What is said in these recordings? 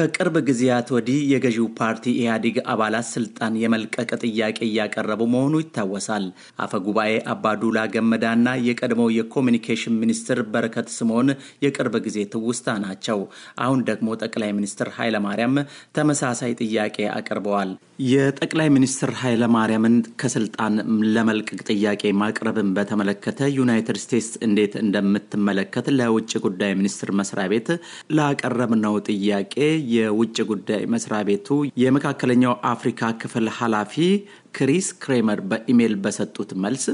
ከቅርብ ጊዜያት ወዲህ የገዢው ፓርቲ ኢህአዴግ አባላት ስልጣን የመልቀቅ ጥያቄ እያቀረቡ መሆኑ ይታወሳል። አፈ ጉባኤ አባዱላ ገመዳና የቀድሞው የኮሚኒኬሽን ሚኒስትር በረከት ስምኦን የቅርብ ጊዜ ትውስታ ናቸው። አሁን ደግሞ ጠቅላይ ሚኒስትር ኃይለማርያም ተመሳሳይ ጥያቄ አቅርበዋል። የጠቅላይ ሚኒስትር ኃይለማርያምን ከስልጣን ለመልቀቅ ጥያቄ ማቅረብን በተመለከተ ዩናይትድ ስቴትስ እንዴት እንደምትመለከት ለውጭ ጉዳይ ሚኒስትር መስሪያ ቤት ላቀረብነው ጥያቄ የውጭ ጉዳይ መስሪያ ቤቱ የመካከለኛው አፍሪካ ክፍል ኃላፊ ክሪስ ክሬመር በኢሜይል በሰጡት መልስ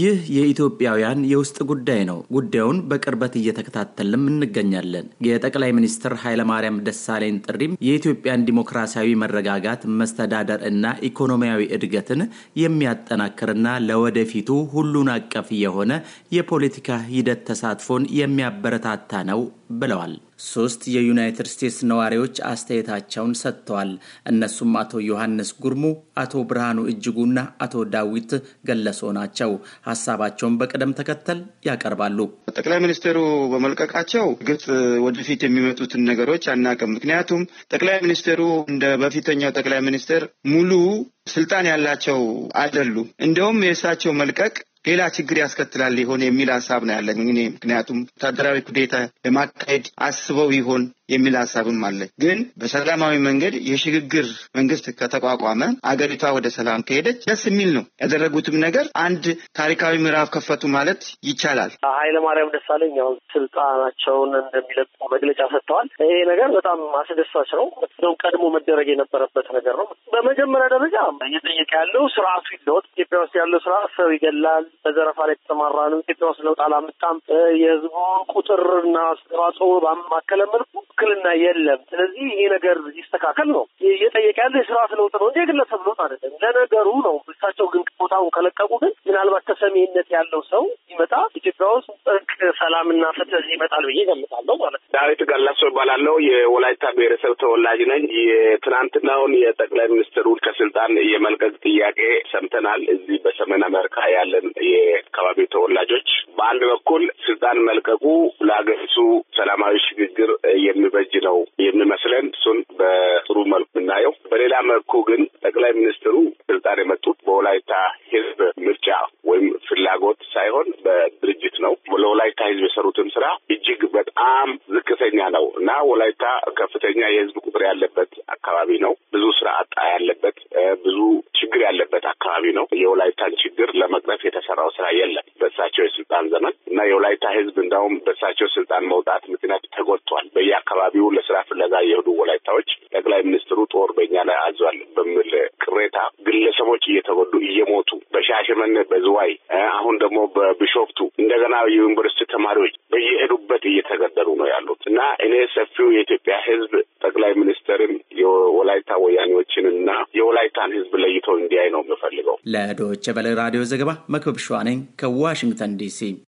ይህ የኢትዮጵያውያን የውስጥ ጉዳይ ነው። ጉዳዩን በቅርበት እየተከታተልም እንገኛለን። የጠቅላይ ሚኒስትር ኃይለማርያም ደሳለኝ ጥሪም የኢትዮጵያን ዲሞክራሲያዊ መረጋጋት፣ መስተዳደር እና ኢኮኖሚያዊ እድገትን የሚያጠናክርና ለወደፊቱ ሁሉን አቀፍ የሆነ የፖለቲካ ሂደት ተሳትፎን የሚያበረታታ ነው ብለዋል። ሶስት የዩናይትድ ስቴትስ ነዋሪዎች አስተያየታቸውን ሰጥተዋል። እነሱም አቶ ዮሐንስ ጉርሙ፣ አቶ ብርሃኑ እጅጉና አቶ ዳዊት ገለሶ ናቸው። ሀሳባቸውን በቅደም ተከተል ያቀርባሉ። ጠቅላይ ሚኒስትሩ በመልቀቃቸው ግጽ ወደፊት የሚመጡትን ነገሮች አናቅም። ምክንያቱም ጠቅላይ ሚኒስትሩ እንደ በፊተኛው ጠቅላይ ሚኒስትር ሙሉ ስልጣን ያላቸው አይደሉም። እንደውም የእሳቸው መልቀቅ ሌላ ችግር ያስከትላል ይሆን የሚል ሀሳብ ነው ያለኝ። ምክንያቱም ወታደራዊ ኩዴታ ለማካሄድ አስበው ይሆን የሚል ሀሳብም አለ። ግን በሰላማዊ መንገድ የሽግግር መንግስት ከተቋቋመ አገሪቷ ወደ ሰላም ከሄደች ደስ የሚል ነው። ያደረጉትም ነገር አንድ ታሪካዊ ምዕራፍ ከፈቱ ማለት ይቻላል። ኃይለማርያም ደሳለኝ ያው ስልጣናቸውን እንደሚለቁ መግለጫ ሰጥተዋል። ይሄ ነገር በጣም አስደሳች ነው። እንደውም ቀድሞ መደረግ የነበረበት ነገር ነው። በመጀመሪያ ደረጃ እየጠየቀ ያለው ስርዓቱ ይለወጥ። ኢትዮጵያ ውስጥ ያለው ስርዓት ሰው ይገላል፣ በዘረፋ ላይ የተሰማራ ነው። ኢትዮጵያ ውስጥ ለውጥ አላመጣም። የህዝቡ ቁጥርና አስተዋጽኦ ባማከለ መልኩ ውክልና የለም። ስለዚህ ይሄ ነገር ይስተካከል ነው እየጠየቀ ያለ። የስርዓት ለውጥ ነው እንጂ የግለሰብ ለውጥ አይደለም። ለነገሩ ነው። እሳቸው ግን ቦታውን ከለቀቁ ግን ምናልባት ተሰሚነት ያለው ሰው ሲመጣ ኢትዮጵያ ውስጥ እርቅ፣ ሰላምና ፍትህ ይመጣል ብዬ ገምታለሁ ማለት ነው። ዳዊት ጋላሶ ይባላለሁ። የወላይታ ብሔረሰብ ተወላጅ ነኝ። የትናንትናውን የጠቅላይ ሚኒስትሩን ከስልጣን የመልቀቅ ጥያቄ ሰምተናል። እዚህ በሰሜን አሜሪካ ያለን የአካባቢ ተወላጆች በአንድ በኩል ስልጣን መልቀቁ ለሀገሪቱ ሰላማዊ ህዝብ የሰሩትን ስራ እጅግ በጣም ዝቅተኛ ነው እና ወላይታ ከፍተኛ የህዝብ ቁጥር ያለበት አካባቢ ነው። ብዙ ስራ አጣ ያለበት፣ ብዙ ችግር ያለበት አካባቢ ነው። የወላይታን ችግር ለመቅረፍ የተሰራው ስራ የለም በእሳቸው የስልጣን ዘመን እና የወላይታ ህዝብ እንዳውም በእሳቸው ስልጣን መውጣት ምክንያት ተጎድቷል። በየአካባቢው ለስራ ፍለጋ የሄዱ ወላይታዎች ጠቅላይ ሚኒስትሩ ጦር በኛ ላይ አዟል በሚል ቅሬታ ግለሰቦች እየተጎዱ እየሞቱ በሻሸመኔ፣ በዝዋይ አሁን ደግሞ በቢሾፍቱ እንደገና የዩኒቨርሲቲ ተማሪዎች በየሄዱበት እየተገደሉ ነው ያሉት እና እኔ ሰፊው የኢትዮጵያ ሕዝብ ጠቅላይ ሚኒስትርን የወላይታ ወያኔዎችን እና የወላይታን ሕዝብ ለይቶ እንዲያይ ነው የምፈልገው። ለዶይቼ ቬለ ራዲዮ ዘገባ መክብብ ሸዋ ነኝ ከዋሽንግተን ዲሲ።